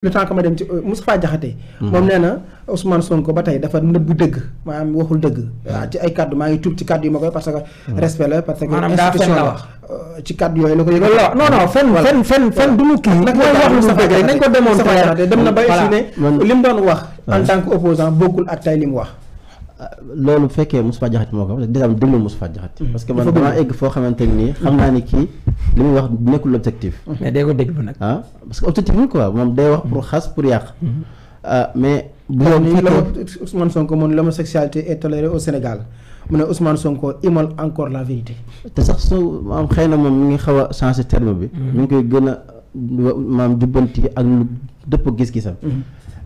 lu temps que ma dem ci euh, Moustapha Diakhaté mhm. moom nee na Ousmane Sonko ba tey dafa nëbbu dëgg maanaam waxul dëgg ci ay kaddu maa ngi tuub ci kaddu yi ma koy parce que respect la parce que institution la wax euh, ci yooyu la ko yëgal non non fen fen fen fen du mu kii nag mooy wax lu dem na ba si ne li mu doon wax en tant que opposant bokkul ak tey li mu wax loolu bu fekkee Moustapha Diakhaté moo ko wax dina am déglu Moustapha Diakhaté. Mm. parce que man damaa egg foo xamante nii xam naa ni kii li muy wax nekkul objectif. Mm. mais day ko déglu nag. ah parce que objectif bi moom day wax pour xas pour yàq. Mm. Ah, mais. bu mu la vérité. te sax su am xëy na moom mi ngi xaw a changé terme bi. ñu ngi koy gën a maam jubbanti ak lu dëpp gis-gisam.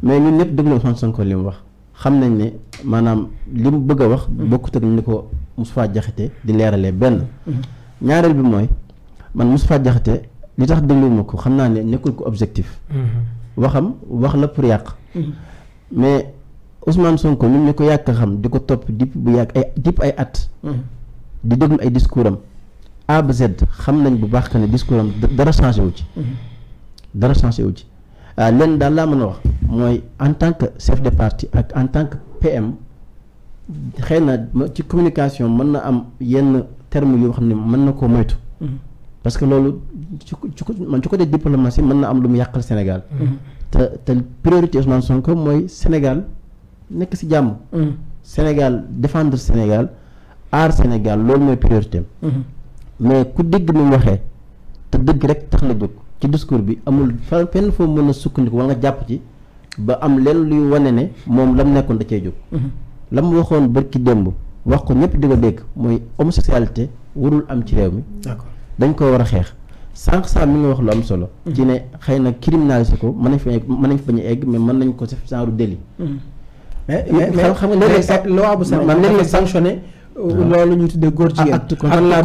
mais ñun ñëpp déglu Ousmane Sonko li mu wax. xam nañ ne maanaam li mu bëgg a wax mm-hmm. bokkut ak ni ko musufaa Diakhaté di leeralee benn mm-hmm. ñaareel bi mooy man Moustapha Diakhaté li tax dégluwuma ko xam naa ne nekkul ko objectif mm-hmm. waxam wax la pour yàq mais Ousmane Sonko ñun ñu ko yàq xam di ko topp dipp bu yàgg ay dipp ay at di déglu ay discours am A ba Z xam nañ bu baax que ne discours am dara changé wu ci dara changé wu ci waaw euh, leen daal laa mën a wax mooy en tant que chef de parti ak en tant que PM xëy na ci communication mën na am yenn terme yoo xam ne mën na koo moytu. Mhm. parce que loolu ci ko man ci côté diplomatie mën na am lu mu yàqal Sénégal. Mhm. te te priorité Ousmane Sonko mooy Sénégal nekk ci jàmm. Mhm. Sénégal défendre Sénégal aar Sénégal loolu mooy priorité mais ku dégg ni mu waxee te dëgg rek tax la jóg. ci discours bi amul fa fenn foo mën a sukkandiku wala nga jàpp ci ba am leen luy wane ne moom lam nekkoon da cee jóg mhm. la mu waxoon bërki démb wax ko ñëpp di ko dégg mooy homosexualité warul am ci réew mi dañ ko war a xeex sanq saa mi nga wax lu am solo mhm. ci ne xëy na criminaliser ko mën nañ fa mën nañ fa ñu egg mais mën nañ ko def genre délit mhm. mais mais xam nga léeg-léeg loolu ñu tuddee góor jigéen acte concomitant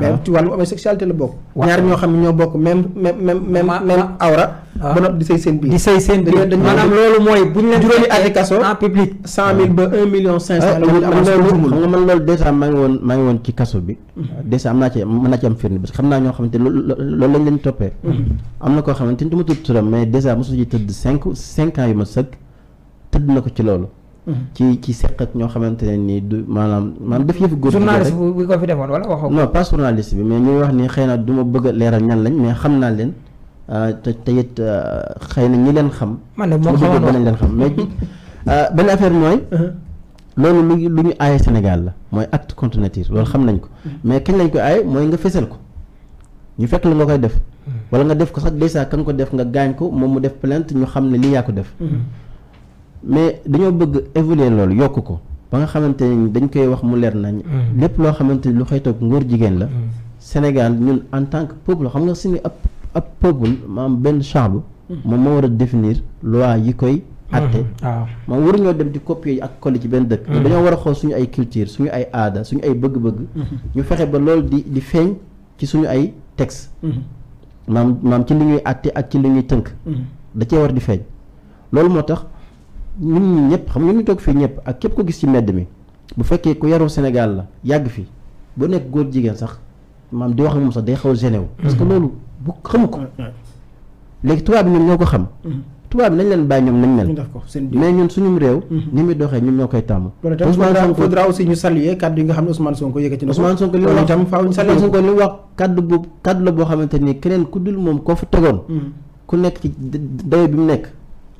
mais ah. ci wàllu homosexualité la bokk ñaar ñoo xam ne ñoo bokk même même même awra ah. ba noppi di sëy seen biir di sëy seen biir maanaam loolu mooy bu ñu leen juróomi ati ah, kaso bi mm-hmm. dèjà am naa ci mën naa ci am firnde parce que xam naa ñoo xamante loolu lañ leen toppee mm-hmm. am na koo xamante ni du ma tudd turam mais dèjà mosu ci tëdd cinq cinq ans yu ma sëkk tëdd na ko ci loolu ci ci seq ak ñoo xamante ne nii du maanaam maanaam def yëfu góor journaliste bi ko fi defoon wala waxoo non pas journaliste bi mais ñuy wax ni xëy na du ma bëgg a leeral ñan lañ mais xam naa leen ah, te te it ah, xëy na ñi leen xam man de moo xamoon nañ leen xam mais ah, benn affaire mooy uh-huh. loolu lu lu ñu aaye Sénégal la mooy acte contre loolu xam nañ ko uh-huh. mais kañ lañ ko aaye mooy nga fésal ko ñu fekk la nga koy def uh-huh. wala nga def ko sax dèjà kan ko def nga gaañ ko moom mu def plainte ñu xam ne lii yaa ko def mais dañoo bëgg évoluer loolu yokk ko ba nga xamante ni dañ koy wax mu leer nañ mm. lépp loo xamante ni lu xëy toog ngóor jigéen la mm. Sénégal ñun en tant que peuple xam nga suñu ab ab peuple maam benn chambre mm. moom moo war a définir loi yi koy atte moom mm-hmm. waruñoo dem di copier yi ak coller ci benn dëkk dañoo war a xool suñu ay culture suñu ay aada suñu ay bëgg-bëgg mm-hmm. ñu fexe ba loolu di di feeñ ci suñu ay texte mm-hmm. maam maam ci li ñuy atte ak ci li ñuy tënk da war di feeñ loolu moo tax ñun ñi ñëpp xam nga ñu toog fii ñëpp ak képp ko gis ci mbedd mi bu fekkee ku yaroo Sénégal la yàgg fi bu nekk góor jigéen sax maam di wax ak moom sax day xaw a génne wu parce que mm-hmm. loolu bu xamu ko mm-hmm. léegi tubaab bi ñoom ko xam mm-hmm. tubaab bi nañ leen bàyyi ñoom nañ mel mais ñun suñum réew ni muy doxee ñun ñoo koy tàmm Ousmane faudra aussi ñu saluer kaddu yi nga xam ne Ousmane Sonko yëkkati na Ousmane Sonko li mu wax Ousmane Sonko li mu wax kaddu bu kaddu la boo xamante ni keneen ku dul moom koo fa tegoon ku nekk ci dayo bi mu nekk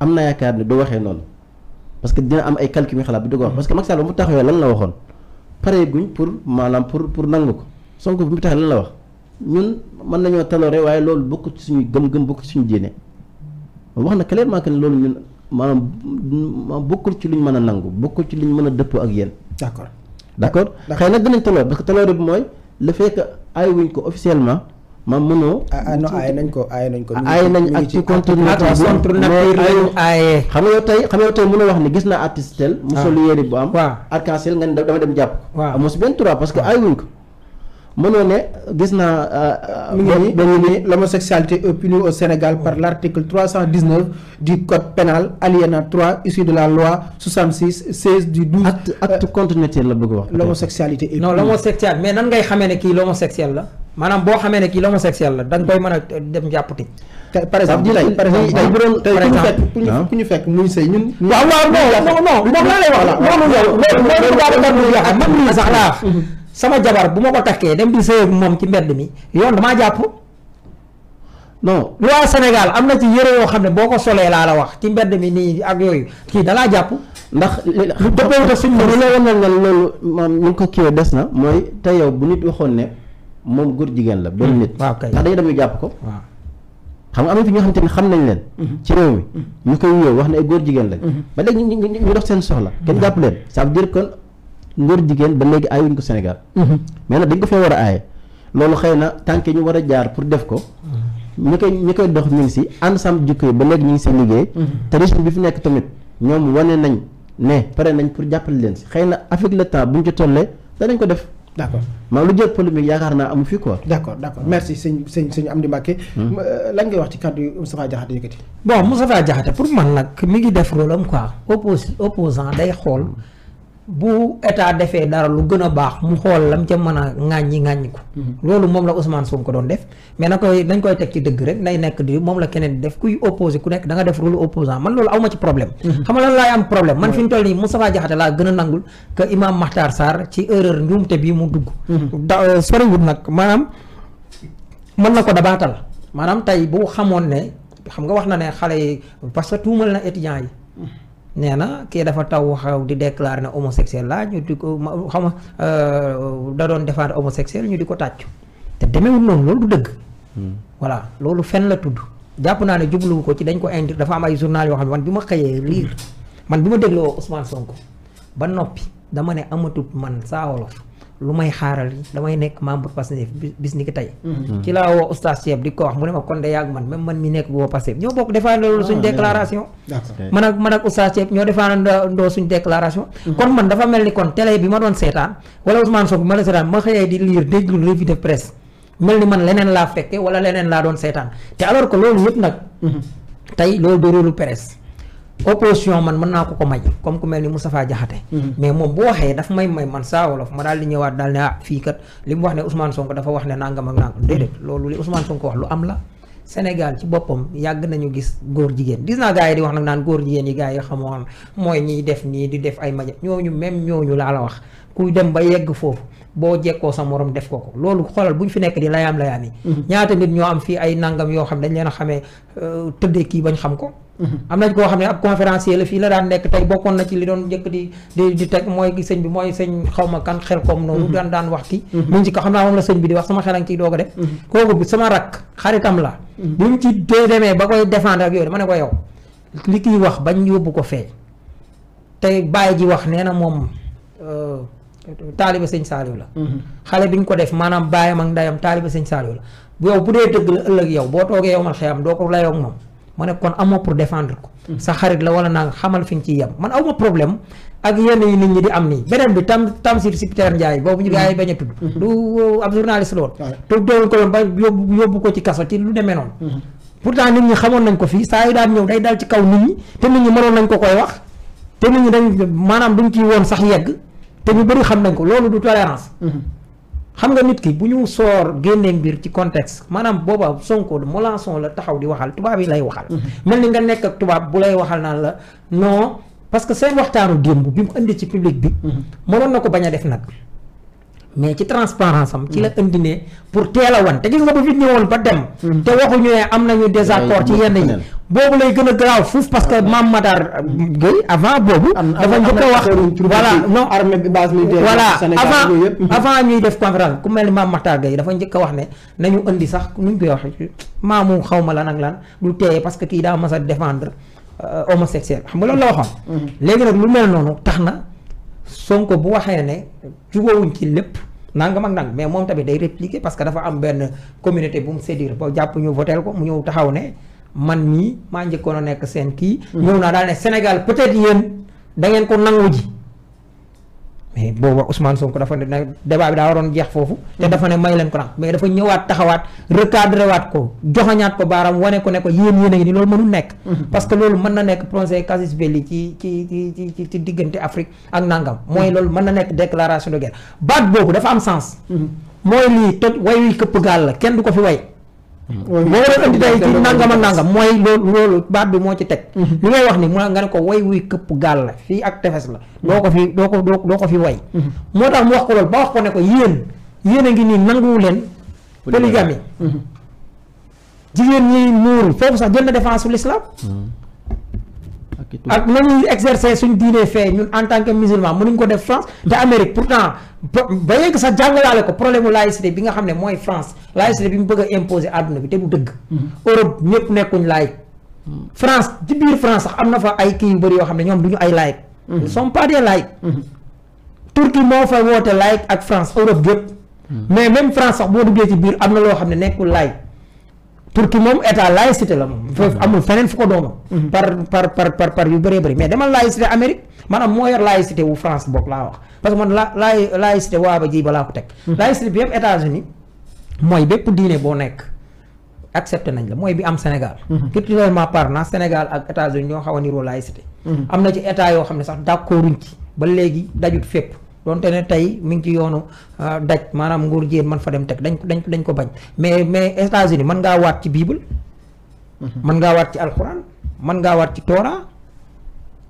am na yaakaar ne du waxee noonu parce que dina am ay calcul yu xalaat bi du wax parce que Macky Sall mu taxawee lan la waxoon pare guñ pour maanaam pour pour nangu ko Sonko bi mu taxawee lan la wax ñun mën nañoo taloore waaye loolu bokk ci suñuy gëm-gëm bokk suñu diine wax na clairement que loolu ñun maanaam bokkul ci luñ mën a nangu bokkul ci ñu mën a dëppoo ak yéen. d'accord d'accord xëy na dinañ taloore parce que taloore bi mooy le fait ay wuñ ko officiellement. ma mënoo. Ah, ah non aaye nañ ko aaye nañ ko. aaye nañ ak ci continuité bi xam nga tey xam nga yow mën a wax ne gis naa artiste tel. mu ah. sol bu am. waaw arc en dem jàpp. waaw amus benn trois parce que ah. aay wuñ ko. ne gis naa. mi ngi nii dañu ni l'homosexualité est punie au Sénégal par oh. l'article 319 du code pénal alinéa 3 issu de la loi 66 16 du 12. acte acte continuité la bëgg wax. l'homosexualité est punie non l'homosexualité mais nan ngay xamee ne kii l'homosexuel la. maanaam boo xamee ne kii l'homosexuel la da koy mën a dem jàpp tëj. par exemple tey par exemple tey bu doon tey ñu fekk ku ñu ñun. waaw waaw non non lay wax la. di wax man mii sax laa sama jabar bu ma ko takkee dem di sëy ak moom ci mbedd mi yoon damaa jàpp. non loi Sénégal am na ci yëre yoo xam ne boo ko solee laa la wax ci mbedd mi nii ak yooyu kii dalaa jàpp. ndax lu dëppee ko suñu. ko kiiwee des na mooy te yow bu nit waxoon ne. moom góor jigéen la benn hmm. nit ndax dañuy dem ñu jàpp ko xam nga am na fi ñoo xamante ni xam nañ leen hmm. ci réew mi hmm. ñu koy wuyoo wax ne ay góor jigéen lañ ba léegi ñu dox seen soxla kenn jàpp leen ça veut dire que góor jigéen ba léegi aayuñ ko Sénégal mais nag dañ ko fee war a aaye loolu xëy na tànk ñu war a jaar pour def ko ñu koy ñu koy dox ñu si ànd sam jikko yi ba léegi ñu ngi si liggéey te régime bi fi nekk tamit ñoom wane nañ ne pare nañ pour jàppale leen si xëy na avec le temps buñ ci tollee ko def d' accord maanaam lu jël polémique yaakaar naa amu fi quoi. d' accord d' accord merci sëñ sëñ sëñ Amdi Mbacke. Hmm. Euh, lan ngay wax ci kàddu Moustapha Diakhaté yëkkati. bon Moustapha Diakhaté pour man nag mi ngi def rôle am quoi oppos opposant day xool. Hmm. bu état defee dara lu gën a baax mu xool lam ca mën a ŋàññi ŋàññi ko. Mhm. loolu moom la Ousmane ko doon def mais na koy dañ koy teg ci dëgg rek nay nekk di moom la keneen def kuy opposé ku nekk da nga def rôle opposant man loolu aw ma ci problème. Mhm. xam nga lan laay am problème man fi mu toll nii Moustapha Diakhaté laa gën a nangul que Imam Makhtar Sarr ci erreur njuumte bi mu dugg. Mhm. da euh, soriwul nag maanaam mën na ko dabaatal maanaam tey bu xamoon ne xam nga wax na ne xale yi parce que tuumal na étudiants yi. nee na kii dafa taw xaw di déclarer ne homosexuel laa ñu di ko xam nga euh, da doon défendre homosexuel ñu di ko tàccu te demeewul noonu loolu du dëgg. Hmm. voilà loolu fen la tudd. jàpp naa ne jubluwu ko ci dañ ko indi dafa am ay journal yoo xam ne man bi ma xëyee liir man bi ma dégloo Ousmane Sonko ba noppi dama ne amatut man saa lu may xaaral damay nekk membre Pastef bis ni ki tey mhm. ci laa woo oustaz Cheikh di ko wax mu ne ma kon de yàgg man même man mi nekk booba Pastef ñoo bokk defaandoo suñ ah, déclaration man ak man ak oustaz Cheikh ñoo defaandoo suñ déclaration mhm. kon man dafa mel ni kon télé bi ma doon seetaan wala Ousmane Sonko bi ma doon seetaan ma xëyee di lire déglu revue de presse mel ni man leneen laa fekke wala leneen laa doon seetaan te alors que loolu yëpp nag mhm. opposition man mën naa ko ko may comme ku mel ni Moustapha Diakhaté mm-hmm. mais moom bu waxee daf may may man saa wolof ma daal di ñëwaat daal ne ah fii kat li mu wax ne Ousmane Sonko dafa wax ne nangam ak nangam déedéet loolu li Ousmane Sonko wax lu am la Sénégal ci boppam yàgg nañu gis góor jigéen gis naa gars yi di wax nag naan góor jigéen yi gars yi xamoon mooy ñiy def nii di def ay maja ñooñu même ñooñu laa la wax kuy dem ba yegg foofu boo jekkoo sa morom def ko ko loolu xoolal bu ñu fi nekk di layaam layaam yi mhm. ñaata nit ñoo am fii ay nangam yoo xam ne dañ leen a xamee euh, tëddee kii bañ xam ko mhm. am nañ koo xam ne ab conférencier la fii la daan nekk tey bokkoon na ci li doon njëkk di di di teg mooy sëñ bi mooy sëñ xaw ma kan xel koom noonu mhm. daan daan wax kii mu ngi ci ko xam naa moom la sëñ bi di wax sama xel a ngi ciy doog a def kooku sama rak xaritam la bi mu ci demee ba koy defande ak yooyu dama ne ko yow li kiy wax bañ yóbbu ko fee tey bàyyi ji wax nee na moom euh, taaliba sëñ saaliw la mhm. xale bi ñu ko def maanaam baayam ak ndayam taaliba sëñ saaliw la yow bu dee dëgg la ëllëg yow boo toogee yow mal xeyam doo ko layoog moom ma ne kon amoo pour défendre ko mhm. sa xarit la wala naa xamal fi nga ciy yem man awma problème ak yenn yi nit ñi di am nii beneen bi tam Tamsir Sipiteer Njaay boobu ñu gars yi bañ a tudd mhm. du euh, ab lool te doon ko doon ba yóbbu yóbbu ko ci kaso ci lu demee noonu pourtant nit ñi xamoon nañ ko fii saa yu daan ñëw day dal ci ko koy wax maanaam duñ ci woon sax yegg te ñu bëri xam nañ ko loolu du tolérance. Mhm. xam nga nit ki bu ñu soor génnee mbir ci contexte maanaam booba Sonko Mélenchon la taxaw di waxal tubaab yi lay waxal. Mhm. mel ni nga nekk ak tubaab bu lay waxal naan la non parce que seen waxtaanu démb bi mu indi ci public bi. Mhm. mënoon na ko bañ a def nag. mais ci transparence am ci la indi ne pour teel a wan te gis nga bu fi ñëwoon ba dem. te waxuñu ne am nañu désaccord ci yenn yi. boobu lay gën a garaaw fuuf parce que ah, Mame Matar Gueye avant boobu. dafa njëkk wax voilà non armée bi base avant avant ñuy def conférence ku mel ni Mame Matar Gueye dafa njëkk wax ne nañu indi sax nu ñu koy wax maamu xaw ma lan ak lan du teeye parce que kii daa mas a défendre euh, homosexuel xam nga loolu mm-hmm. léegi nag lu mel noonu tax na Sonko bu waxee ne jubawuñ ci lépp. nangam ak nang mais moom tamit day répliquer parce que dafa am benn communauté bu mu séduire ba jàpp ñu votel ko mu ñëw taxaw ne. man mii maa njëkkoon a nekk seen kii. Hmm. ñëw naa daal ne Sénégal peut-être yéen da ngeen ko nangu ji. mais booba Ousmane ko dafa ne débat bi daa waroon jeex foofu. te hmm. dafa ne may leen ko nag mais dafa ñëwaat taxawaat recadré waat ko joxañaat ko baaraam wane ko ne ko yéen yéen a ngi ni loolu mënul nekk. Hmm. parce que loolu mën na nekk procès casus belli ci ci ci ci ci diggante Afrique ak nangam. mooy loolu mën na nekk déclaration de guerre baat boobu dafa am sens. mooy lii toj way këpp gaal la kenn du ko fi way. moo waroon andi tey ci nangam ak nangam mooy loolu baat bi moo ci teg mhm. li ngay wax ni mu nga ne ko woy wuy këpp gaal la fii ak tefes la mhm. doo ko fi doo ko doo ko fi way mhm. moo tax mu wax ko loolu ba wax ko ne ko yéen yéen a ngi nii nanguwu leen polygamie jigéen ñi muuru foofu sax jël na défense su l'islam ak nañuy exercer suñ diine fee ñun en tant que musulman mënuñ ko def France te hmm. Amérique pourtant ba yegg sax jàngalaale ko problème mu laïcité bi nga xam ne mooy France laïcité bi mu bëgg a imposer àdduna bi te du dëgg hmm. Europe ñëpp nekkuñ laïc hmm. France ci biir France sax am na fa ay kii yu bëri yoo xam ne ñoom duñu ay laïc ils sont pas des laïcs Turquie moo fa woote laïc ak France Europe yëpp mais même France sax boo duggee ci biir am na loo xam ne nekkul laïc turki moom état laïcité la moom. foofu amul feneen fu ko doomam. par par par par par yu bëree bëri mais demal laïcité Amérique maanaam moo yor laïcité wu France boog laa wax parce que man la laay waa ba ji balaa ko teg. Mhm. laïcité bi yëpp états mooy bépp diine boo nekk accepté nañ la mooy bi am Sénégal. Mhm. culturellement parlant Sénégal ak États-Unis ñoo xaw a niroo laïcité. Mhm. am na ci état yoo xam ne sax d'accorduñ ci ba léegi dajut fépp. donte ne tey mi ngi ci yoonu euh, daj maanaam nguur jigéen man fa dem teg dañ ko dañ dañ ko bañ mais mais États-Unis mën ngaa waat ci bible mhm. mën ngaa waat ci alxuraan mën ngaa waat ci Torah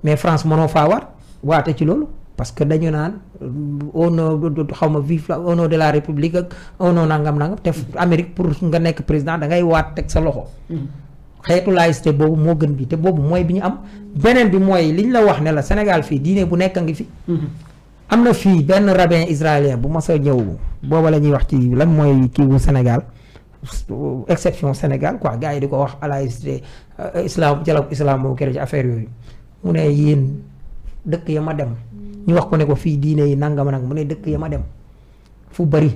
mais France mënoo faa waat waate ci loolu parce que dañu naan euh, au nom xaw ma vive la au de la république ak au nangam nangam te mhm. Amérique pour nga nekk président dangay waat teg sa loxo. Mhm. xeetu laïcité boobu moo gën bi te boobu mooy bi ñu am beneen bi mooy li ñu la wax ne la Sénégal fii diine bu nekk a ngi fi. am na fii benn rabbin israélien bu mas a ñëw booba la ñuy wax ci lan mooy kii wu Sénégal exception Sénégal quoi gars yi di ko wax à la euh, islaam dialogue islam moo kere ci affaire yooyu mu ne yéen dëkk ya ma dem ñu wax ko ne ko fii diine yi nangam nag mu ne dëkk ya ma dem fu bari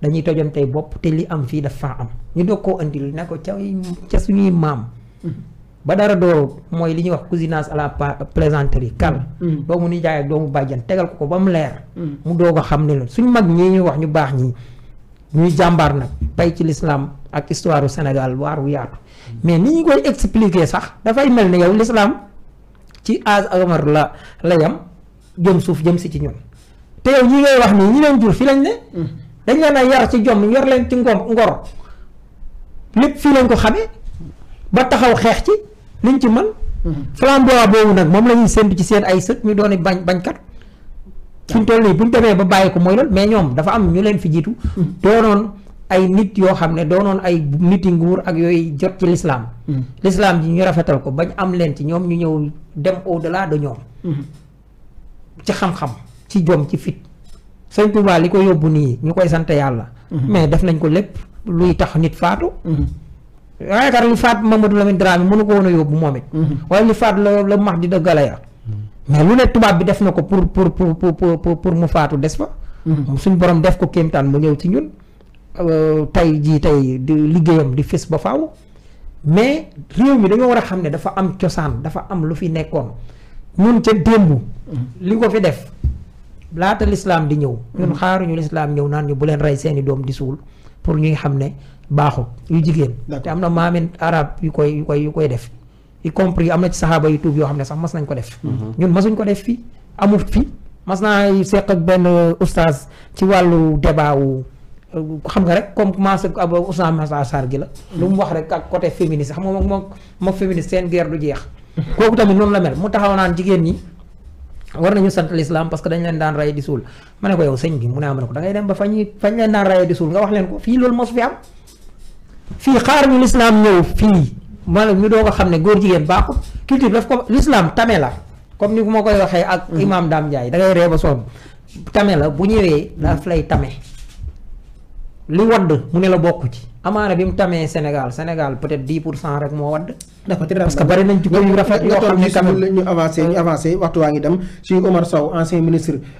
dañuy tojantey bopp te li am fii dafa am ñu doog koo andil ne ko ca ca suñuy maam ba dara dooru mooy li ñuy wax cousinage à la plaisanterie kal doomu mm. nijaay ak doomu bàjjan tegal ko ko ba mu leer mm. mu doog a xam ne la suñ mag ñii ñuy wax ñu baax ñi ñuy jàmbaar nag bay ci l'islam ak histoire u Sénégal wu yaatu mais ni ñu koy expliquer sax dafay mel ne yow l'islam ci âge agamar la la yam jëm suuf jëm si ci ñun te yow ñi ngay wax nii ñi leen jur fi lañ ne mm. dañ leen a yar ci jom yor leen ci ngor ngor lépp fii lañ ko xamee ba taxaw xeex ci liñ ci man mm-hmm. flamboie boobu nag moom la ñuy ci seen ay sët ñu doon bañ bañkat fi ñu toll bu ñu demee ba bàyyi ko mooy loolu mais ñoom dafa am ñu leen fi jiitu mm-hmm. doonoon ay nit yoo xam ne doonoon ay nit yi nguur ak yooyu jot ci lislaam mm-hmm. l'islam ji ñu rafetal ko bañ am leen ci ñoom ñu ñëw dem au delà de ñoom ci xam-xam ci jom ci fit sëñ Tuubaa li ko yóbbu nii ñu koy sant yàlla mais def nañ ko lépp luy tax nit faatu yaakaar lu faat Mamadou Lamine Dramé mënu ko woon a yóbbu moom it. Mhm. wala lu faat la la max di de Galaya. Mhm. mais lu ne tubaab bi def na ko pour pour pour pour pour mu faatu des fa. Mhm. suñ borom def ko kéemtaan mu ñëw ci ñun. Euh, tey jii tey di liggéeyam di fis ba faaw mais réew mi dañoo war a xam ne dafa am cosaan dafa am lu fi nekkoon ñun ca démb. li ko fi def laata lislaam di ñëw. ñun xaaruñu lislaam ñëw naan ñu bu leen rey seeni doom di suul pour ñuy xam ne. baaxu yu jigéen te am na maamin arab yu koy yu koy def y compris am na ci saxaaba yu tuub yoo xam ne sax mas nañ ko def mhm. ñun masuñ ko def fii amut fii mas naa seq ak benn oustaz ci wàllu débat wu euh, xam nga rek comme commencé ab oustaz Massa Sarr gi lu mu wax rek ak côté féministe xam nga moom moom moom féministe seen guerre du jeex kooku tamit noonu la mel mu taxaw naan jigéen ñi war nañu sant l'islam parce que dañ leen daan raye di suul ma ne ko yow sëñ bi mu ne am ne ko da ngay dem ba fañu fañ leen daan raye di suul nga wax leen ko fii loolu mosu fi am fii xaar ñu lislaam ñëw fii maanaam ñu doog a xam ne góor jigéen baax culture daf ko lislaam tame la comme ni ma koy waxee ak mhm. imaam Dame Ndiaye da ngay ree ba sonn tame la bu ñëwee daf lay tame li wadd mu ne la bokk ci amaana bi mu tamee Sénégal Sénégal peut-être 10 pour cent rek moo wadd dafa tëdd parce que bari nañ ci ko yu rafet yoo xam ne ñu avancé ñu avancé waxtu waa ngi dem ci Omar Sow ancien ministre